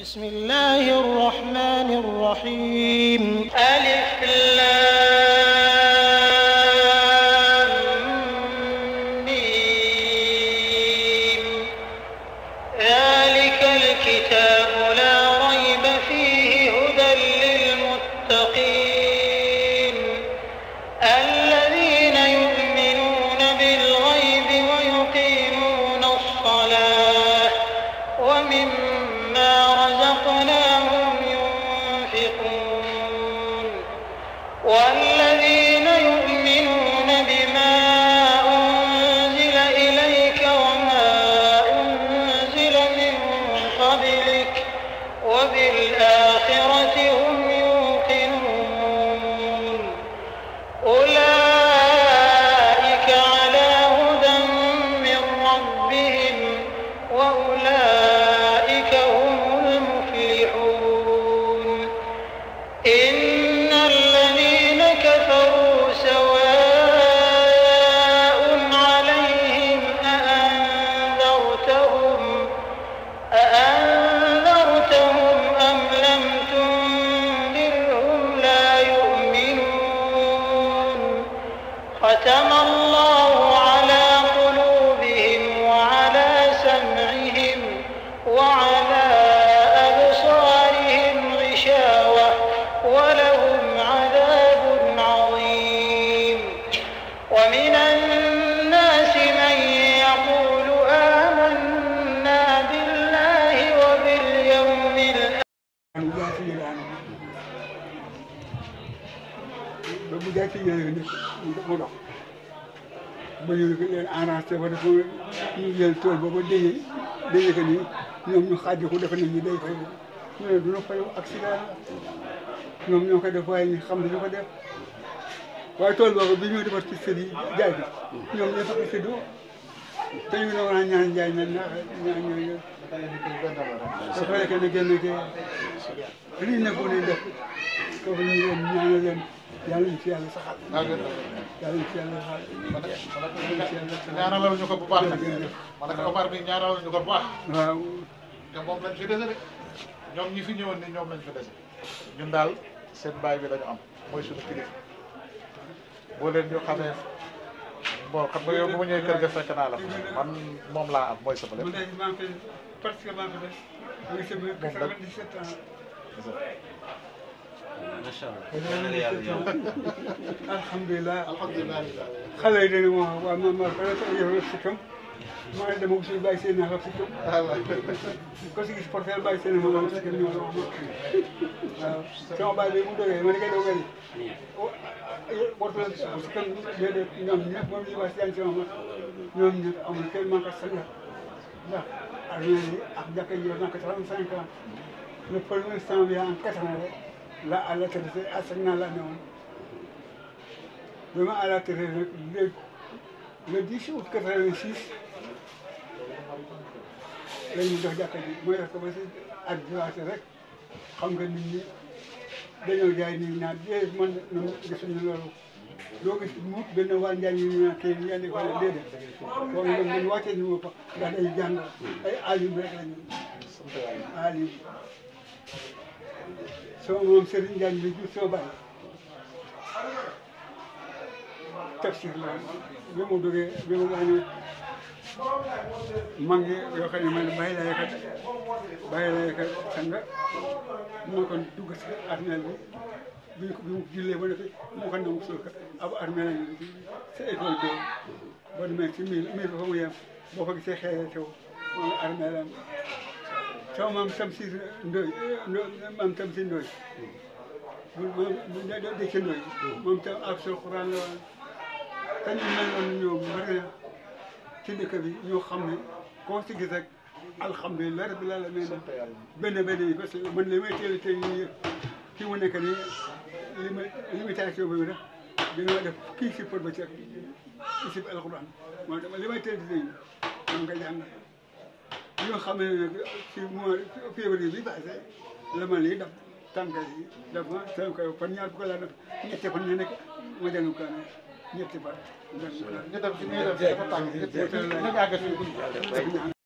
بسم الله الرحمن الرحيم ألف لام ذلك الكتاب لا ريب فيه هدى للمتقين الذين يؤمنون بالغيب ويقيمون الصلاة ومما ربهم وأولئك jaay ci yére bi ñëpp mu dox ba ñu leen enraciné ba dafa ñu jël tool ba ba déye déye ko ni ñoom ñu xaaj ku defe nañ ñu day fay ñu ne duñu fay accident ñoom ñoo ko def waaye ñu xam nañu ko def waaye tool boobu bi ñu defar ci sëriñ yi jaay bi ñoom ñoo fekk séddoo te ñu doon naan ñaan jaay na ñaan ñooñu. dafa nekk ne génn kii lii nekkul ne def kooku ñu leen ñaanal leen. yàlla ñu ci ko bu baax nag. ma ne ko Omar bi ñaanalal ko bu baax. fi ñoom ñi fi ñëwoon ni ñoom lañ fi dese ñun daal seen baay bi lañu am mooy suñu kilifa boo leen ñu xamee bon xam nga yow bu ma ñëwee kër ga fekk naa la man moom laa am mooy sama lépp. الحمد لله الحمد لله خلينا وما ما فعلت نفسكم ما عندنا موسي بايسين نفسكم كوسي كيش بورتال بايسين نفسكم كم بعد يقول ده ما نقول ده بورتال نفسكم ده نعم نعم ما بيجي بايسين يعني نعم نعم أمريكا ما كسرنا لا أرمي أبدا كي يرنا كتران سانكا le premier يا vient en 80 la allatérité enseignant la ne woon bi ma allatéré nag le le dix août quatre-vingt-six la ñu jox jàkka ji mooy def ko ba bi waate rek xam nga nit ñi dañoo jaay nit ñi naan déedéet man ñun gisuñu loolu doo gis mu benn waa Njaañ yi ñu naan kii yi yàlla alim alim sama moom Serigne Njaañ bi jur sama bàyyi tafsir la bi mu duggee bi mu gaañoo mag yi yoo xam ne kon dugg si armeel bi bi mu jullee ba defe moo ko nangu suuf ab armeel la sa école bi boo demee si miir miir bi mu yem boo fa gisee xeere tew moom armeel تو مام تمسير ندوي مام تمسير ندوي مام ديك ندوي مام تم أفسر القرآن لو كان يمنون يوم مرة تلك بي يو خمي كوسي كذاك الحمد لله رب العالمين بنا بني بس من لم يتيل تي كي وانا كان لم لم يتعشوا بمنا جنوا ده كيف يفوت بشر يسيب القرآن ما لم يتيل تي من قال bi nga xam ne nag ci mois février bi passé la ma lii def tànka yi dafa tànka fan ñaar bu ko laa def ñetti fan ñu nekk ma jënd kaan ñetti fan. ñu def ci ñu def ci dafa tàng ñetti fan ñu àgg suñu